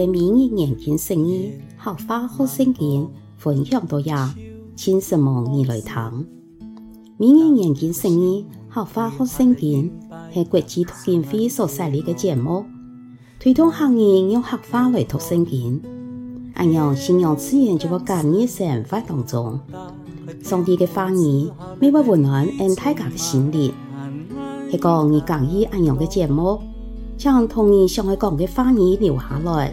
《每研客語學聖經：客話學聖經，分享到呀，請什麼人來聽？《每研客語學聖經：客話學聖經，係國際讀經會所設立嘅節目，推動客家人用客話來讀聖經。按樣信仰自然，就會融入生活當中，上帝嘅話語每晚溫暖按大家的心靈。係講你講以按樣嘅節目，將同你想愛講嘅話語留下來。